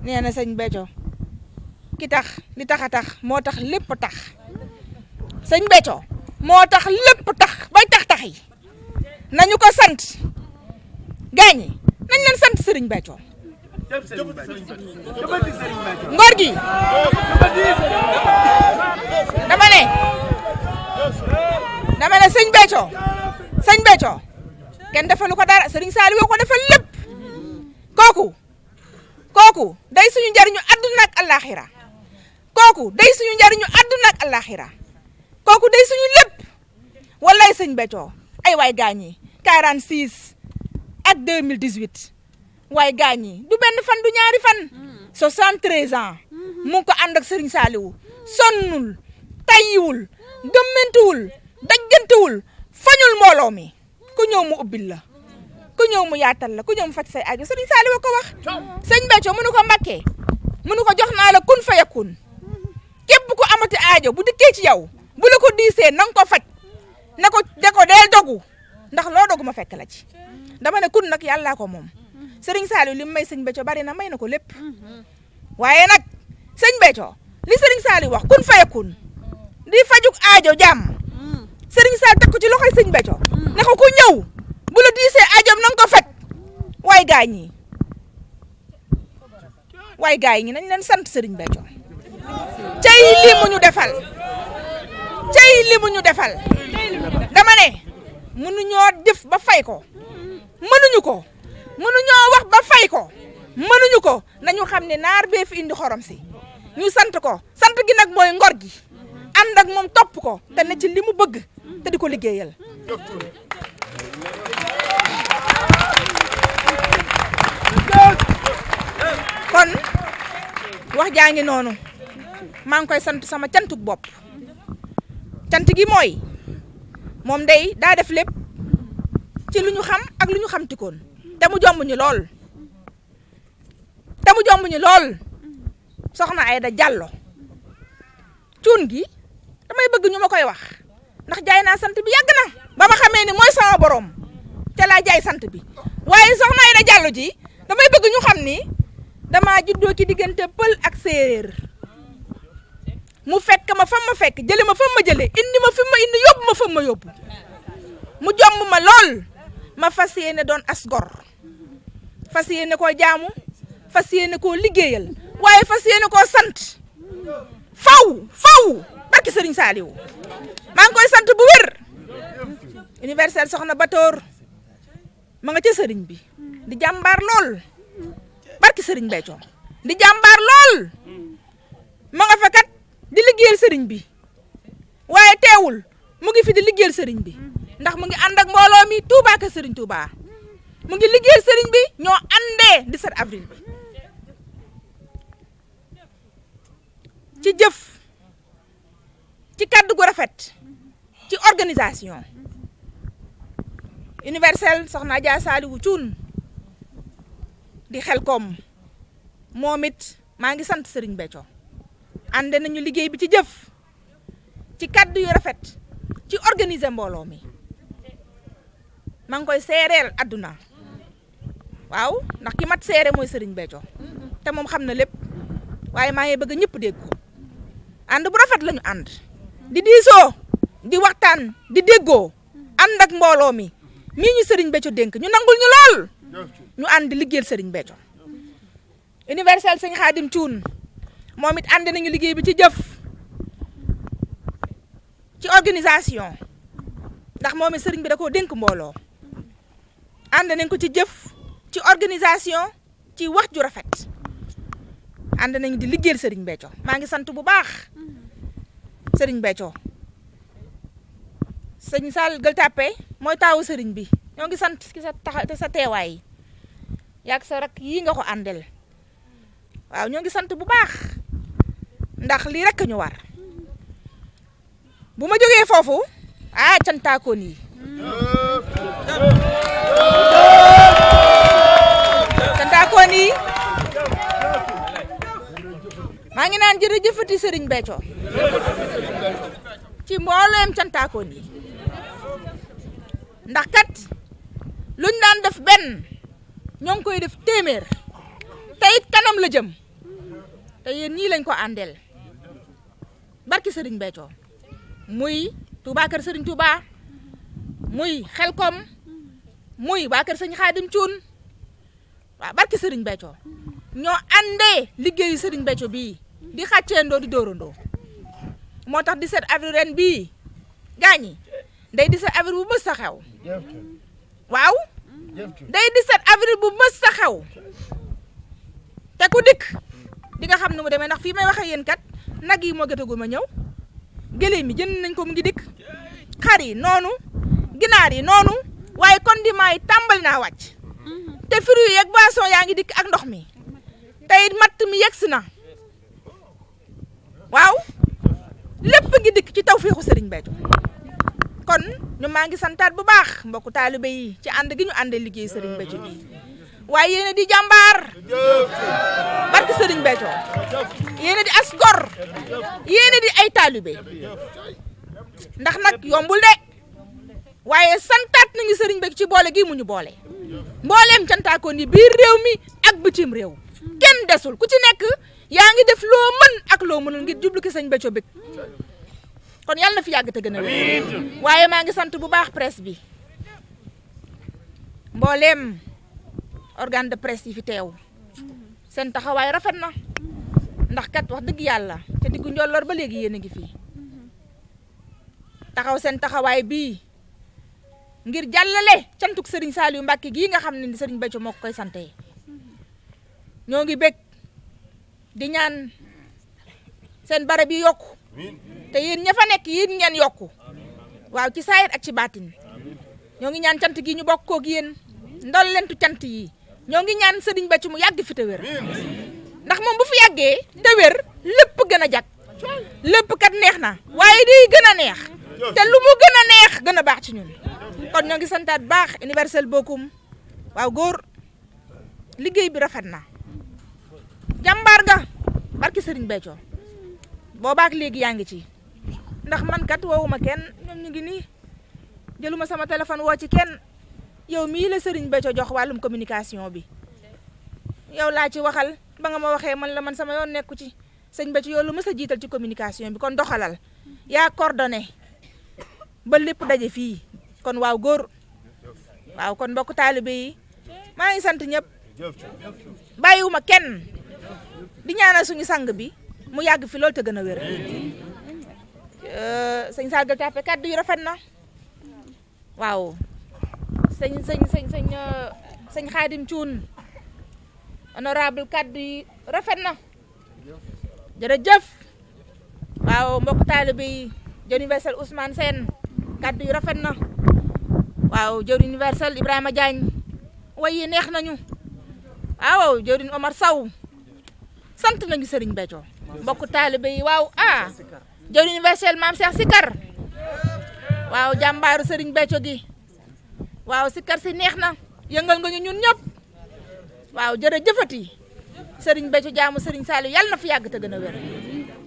nee na sëñ Béthio ki tax li tax a tax moo tax lépp tax sëñ Béthio moo tax lépp tax bay tax tax yi nañu ko sant gaañi nañ leen sant sëriñ Béthio ngor gi dama ne dama ne sëñ Béthio sëñ Béthio kenn defalu ko dara sëriñ Saliou ko defal lépp kooku day suñu njariñu àdduna ak àllaaxira kooku day suñu njariñu àdduna kooku day suñu lépp sëñ Béthio ay waay gaañ yi 46 ak 2018 waay gaañ yi du benn fan du ñaari fan 73 ans mu ngi ko ànd ak Serigne Saliou sonnul tayyiwul gëmmantiwul daggantewul fañul mbooloo mi ku ñëw mu ubbil la ku ñëw mu yaatal la ku ñëw mu faj say aajo sëriñ Saaliw ko wax sëñ Béthio mënu ko Mbakke mënu ko jox naa la kun fayakun képp ku amati aajo bu dikkee ci yow bu la ko diisee na nga ko faj na ko de ko deel dogu ndax loo dogu ma fekk la ci dama ne kun nag yàllaa ko moom sëriñ Saaliw li mu may sëñ Béthio bari na may na ko lépp waaye nag sëñ Béthio li sëriñ wax kun fayakun di fajuk aajo jàmm mm. sëriñ Saaliw teg ko ci loxoy sëñ Béthio mm. ne ko bu la diisee ajam na nga ko faj way gaay ñi way gaay ñi nañ leen sant Serigne Béthio tay li mu defal tay li mu defal dama ne ñoo def ba fay ko ñu ko ñoo wax ba fay ko ñu ko nañu xamné nar naar fi indi xorom si ñu sante ko sante gi nak moy ngor gi and ak mom top ko te ne ci limu bëgg te diko liggéeyal wax jaangi nonu, mang koy sant sama cantuk bop tiant gi moy mom day da def lepp ci luñu xam ak lu ñu xamtikoon te mu jom ñu lol te mu jom ñu lol soxna da jallo tun gi damay bëgg ñuma koy wax ndax jaay bi na ba ni moy sama borom té la jaay sant bi waye soxna da jallu ji damay bëgg ñu xam ni dama juddoo ci diggante pël ak séeréer mu fekk ma fa ma fekk jële ma fa ma jële indi ma fi ma indi yóbbu ma fa ma yóbbu mu jomb ma lool ma fas yéene doon as fas yéene koo jaamu fas yéene koo liggéeyal waaye fas yéene ko sant faw faw barki sëriñ Saaliw maa koy sant bu wér universel soxna Batoor ma nga ca sëriñ bi di jàmbaar lool barki sëriñ Béthio di jàmbaar lool ma nga fa di liggéeyal sëriñ bi waaye teewul mu ngi fi di liggéeyal sëriñ bi ndax mu ngi ànd ak mbooloo mi Touba ka sëriñ Touba mu ngi liggéeyal sëriñ bi ñoo àndee 17 avril bi ci jëf ci kaddu gu rafet ci organisation universel soxna Dia wu Thioune di xel kom momit sering bejo. ngi sante Serigne Béthio ande nañu liggey bi ci jëf ci kaddu yu rafet ci organiser mbolo mi mang koy seereel aduna waw ndax ki mat séré moy Serigne Béthio té mom xamna lepp waye ma ngay bëgg ñëpp dégg ko bu rafet lañu and di diisoo di waxtan di déggo and ak mbolo mi mi ñu Serigne Béthio denk ñu nangul ñu lol ñu ànd di liggéeyal sëriñ Béthio universel sëñ Xaadim Cuun moom it ànd nañu liggéey bi ci jëf ci organisation ndax moom it sëriñ bi da koo dénk mbooloo ànd nañ ko ci jëf ci organisation ci wax ju rafet ànd nañu di liggéeyal sëriñ Béthio maa ngi sant bu baax sëriñ Béthio sëñ Sall Gueule Tapée mooy taawu sëriñ bi ñoo ngi sant ki sa tax sa teewaay yak sa rek yi nga ko andel waaw ñu ngi sant bu baax ndax li rek ñu war joge fofu a foofu ah ni yi ko ni ma ngi naan jërëjëfati Serigne Béthio ci mbooleem ko ni ndax kat luñ def ben ñoo ngi koy def téeméer te kanam la jëm te yéen lañ ko àndeel barki sëriñ Béthio muy Touba Kër Sëriñ Touba muy Xelkom muy waa Kër Sëriñ Xaadim Cuun waaw barki sëriñ Béthio ñoo àndee liggéeyu sëriñ Béthio bii di xàcceendoo di dóorandoo moo tax 17 avril ren bii gaañi day 17 avril bu bës sa xew day 17 avril bu mës sa xew te ku dikk di nga xam ne mu demee ndax fii may waxee yéen kat nag yi moo jotagul ma ñëw gëléem yi jënd nañ ko mu ngi dikk xar yi noonu ginaar yi noonu waaye condiment yi tàmbali naa wàcc te fruits yi ak yaa ngi dikk ak ndox mi te it matt mi yegsi na waaw lépp ngi dikk ci tawféexu Serigne Béthio kon ñu maa ngi santaat bu baax mbokku taalibe ci ànd gi ñu àndee liggéey Serigne Béthio bi waaye yéen a di jàmbaar barki Serigne Béthio yéen a di as gor yéen di ay taalibe ndax nag yombul de waaye santaat nañu Serigne Béthio ci boole gi mu ñu boole mbooleem cantaakoon yi biir réew mi ak bitim réew kenn desul ku ci nekk yaa ngi def loo mën ak loo mënul ngir jublu ki Sëñ Béthio bëgg kon yalla na fi yag te gën a wér waaye maa ngi sant bu baax presse bi mbollem organe de presse yi fi tew sen taxaway rafet na ndax kat wax deug yalla te diggu ndolor ba legi ngi taxaw sen taxaway bi ngir jallale cantuk Serigne Saliou Mbacke gi nga xamni Serigne Béthio moo koy santé ñoo ngi di ñaan sen barab yi yokku te yeen ña fa nekk yéen ngeen yokku waaw ci sayet ak ci baatin ñoo ngi ñaan cant gi ñu bokk ko yéen ndol tu cant yi ñoo ngi ñaan serigne ba mu yagg fi te wér ndax mom bu fi yagge te wér lepp gëna a lepp kat neexna na di gëna neex te lu mu gëna neex gëna baax ci ñun kon ñoo ngi santat baax universel bokum waaw goor liggey bi rafetna jambar ga barki serigne Béthio boobaak léegi yaa yangi ci ndax man kat wowuma ken ñom ñu ngi ni jëluma sama téléphone wo ci ken yow mi la sëriñ komunikasi jox walum communication bi yow la ci waxal ba nga ma man la man sama yoon nekku ci sëñ Béthio yow lu mësa jital ci communication bi kon doxalal Ya, coordonné ba lepp dajé fi kon waw gor waw kon mbokk taalibe yi ma ngi sant ñëpp bayiwuma kenn di ñaanal suñu sang bi mu yàgg fi loolu te gën a wér euh, sëñ Sargal Tapé kàddu yi rafet na waaw sëñ sëñ sëñ sëñ euh, sëñ Xaadim Cuun honorable kàddu rafet na jërëjëf waaw mbokk taalibe yi universel Ousmane Sène rafet na waaw jëwriñ universel Ibrahima Diagne way yi neex nañu waaw jëwriñ Omar Sow sant nañu sëriñ Béthio mbokku talibé yi waw ah jëwriñ universel mam Cheikh Sikar waw jàmbaaru Serigne Béthio gi waw Sikar si neexna na yëngal nga ñu ñun waw waaw jërëjëfati Serigne Béthio jaamu Serigne Saliou yalla na fi yag te gëna wër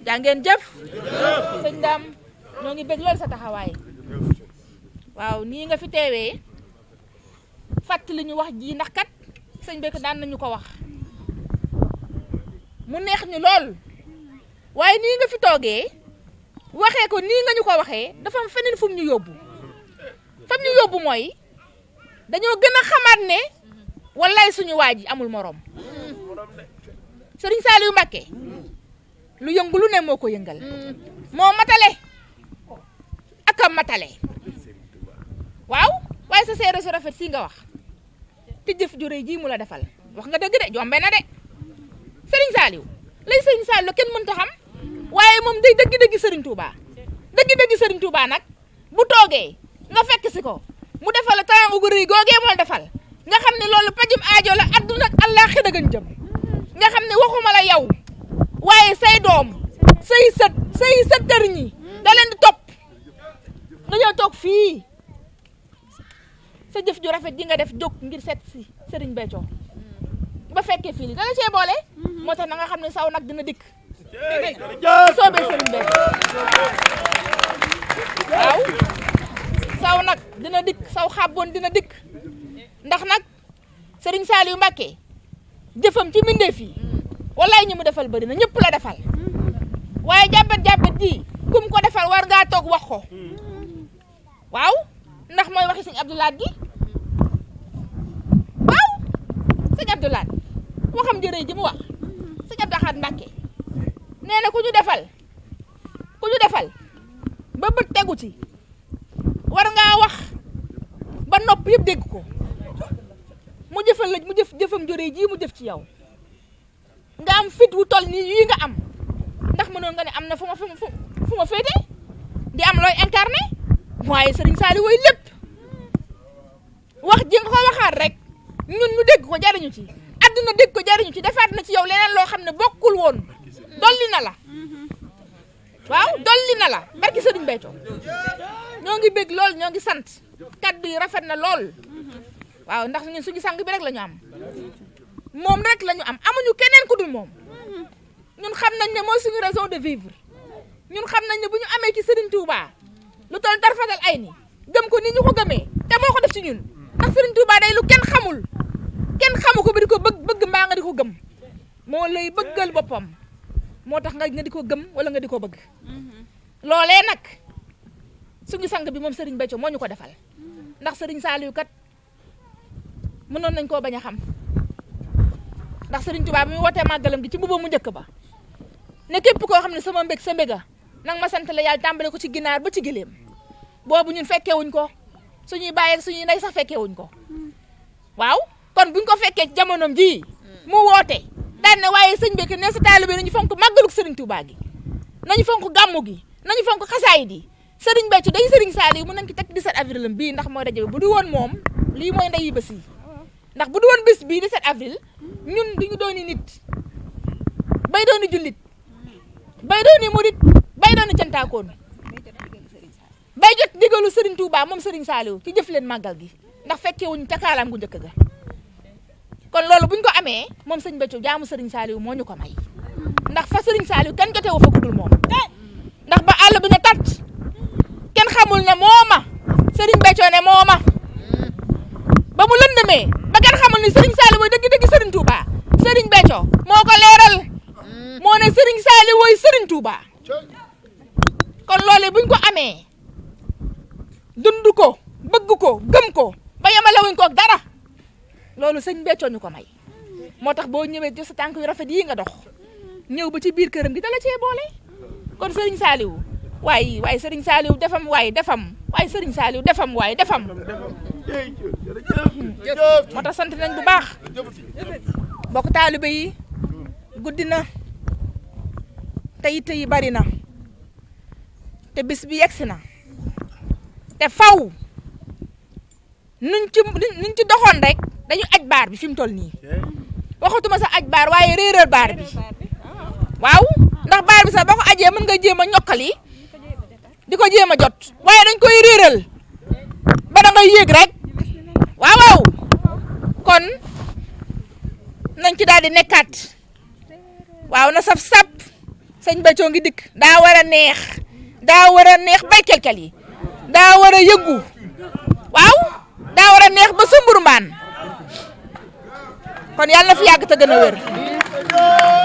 wér ngeen jëf serigne dam ñoo ngi bëgg lool sa taxaway waw ni nga fi li ñu wax ji ndax kat daan nañu ko wax mu neex ñu lool waaye nii nga fi toogee waxee ko nii nga ñu ko dafa am feneen fu ñu fam ñu yóbbu mooy dañoo gën xamaat ne wallaay suñu amul morom Serigne saliu Mbacké lu yëngu lu ne moko ko yëngal moo matale ak Wow, matale waaw waaye sa seere su rafet si nga wax te jëf ju rëy mu la defal wax nga dëgg de jombe na de Serigne Saliou lay Serigne Saliou la kenn xam waaye moom day dëgg-dëgg Serigne Touba dëgg-dëgg Serigne Touba nag bu toogee nga fekk si ko mu defal la tànn gu rëy googee moo defal nga xam ne loolu pajum aajo la adduna ak àllaaxira gën jëm nga xam ne waxuma la yow waaye say doom say sët say sëtër ñi da leen di topp dañoo toog fii sa ju rafet ji nga def jóg ngir seet si Serigne Béthio ba fekkee fii li dala cee boole moo tax na nga xam ne saw nag dina dikk. soobee sëriñ bi waaw saw nag dina dikk saw xàbboon dina dikk ndax nag sëriñ Saliou Mbacké jëfam ci kum war ngaa toog wax ko waaw ndax mooy waxi sëñ Abdoulaat gi waaw waxam jëree ji wax nee na ku ñu defal ku ñu defal ba bët tegu ci war ngaa wax ba nopp yëpp dégg ko mu jëfal la mu jëf jëfam jore jii mu jëf ci yow nga am fit wu toll nii yi nga am ndax mënoon nga ne am na fu ma fu ma fu ma féete di am looy incarné waaye Serigne Saliou woy lépp wax ji nga ko waxaat rek ñun ñu dégg ko jariñu ci àdduna dégg ko jariñu ci defaat na ci yow leneen loo xam ne bokkul woon dolli na la waaw dolli na la barki sëriñ Béthio ñoo ngi bég lool ñoo ngi sant kaddu yi rafet na lool waaw ndax ñun suñu sang bi rek la am moom rek la am amuñu keneen ku dul moom ñun xam nañ ne mooy suñu raison de vivre ñun xam nañ ne bu ñu amee ci sëriñ Touba lu toll tarfatal ay ni gëm ko ni ñu ko gëmee te moo ko def ci ñun ndax sëriñ Touba day lu kenn xamul kenn xamu ko bi di ko bëgg bëgg mbaa nga di ko gëm moo lay bëggal boppam moo tax nga di ko gëm wala nga di ko bëgg mm-hmm. loolee nag suñu sang bi moom Serigne Béthio moo ñu ko defal mm-hmm. ndax sëriñ Saliou kat mënoon nañ koo bañ a xam ndax sëriñ Touba bi mu wootee màggalam gi ci mbuba mu njëkk ba ne képp koo xam ne sama mbeg sa mbéga nag ma sant la yàlla tàmbale ko ci ginaar ba ci gëléem boobu ñun fekkewuñ ko suñuy bàyyi suñuy ndey sax fekkewuñ ko mm-hmm. waaw kon buñ ko fekkee ci jamonoom jii mu woote daan ne waaye sëñ bi ne sa taalibe nañu fonk màggalug sëriñ Touba gi nañu fonk gàmmu gi nañu fonk xasaay di sëriñ Béthio day sëriñ Saliou mën nañ ko teg 17 avril bii ndax mooy daje bi bu du woon moom lii mooy ndeyu bés ndax bu du woon bés bii 17 avril ñun duñu dooni nit bay dooni jullit bay dooni murit bay dooni cantaakoon bay jot digalu sëriñ Touba moom sëriñ Saliou ci jëf leen màggal gi ndax fekkee wuñu ca kaalaam gu njëkk ga kon loolu buñ ko amee moom sëñ Béthio jaamu sëriñ Saliou moo ñu ko may ndax fa sëriñ Saliou kenn jotewu fa guddul moom ndax ba àll bi ne tat kenn xamul ne mooma sëriñ Béthio ne mooma ba mu lëndëmee ba kenn xamul ne sëriñ Saliou mooy dëgg-dëgg sëriñ Touba sëriñ Béthio moo ko leeral moo ne sëriñ Saliou wooy sëriñ Touba kon loolu buñ ko amee dund ko bëgg ko gëm ko ba yemalewuñ ko dara loolu sëñ Béthio ñu ko may moo tax boo ñëwee jël sa tànk yu rafet yii nga dox ñëw ba ci biir këram gi dala cee kon sëriñ Saliou waaye waaye sëriñ Saliou defam waaye defam waaye sëriñ Saliou defam waaye defam moo tax sant nañ bu baax mbokk taalibe yi guddi na te bari na te bis bi yegsi na te faw nuñ ci nuñ ci doxoon rek da aj baar bi fi mu toll nii waxatuma sax aj baar waaye réeral baar bi waaw ndax baar bi ko ajee mën nga jéem a ñokkal yi di ko jéem a jot waaye dañ koy réeral ba da ngay yéeg waaw waaw kon nañ ci daal di nekkaat waaw na saf sap sëñ Béthio ngi dik daa war a neex daa war a neex bay kelkel yi daa war a yëngu waaw daa war a neex ba sumburumbaan kon yàlla na fi yàgg te gën a wér.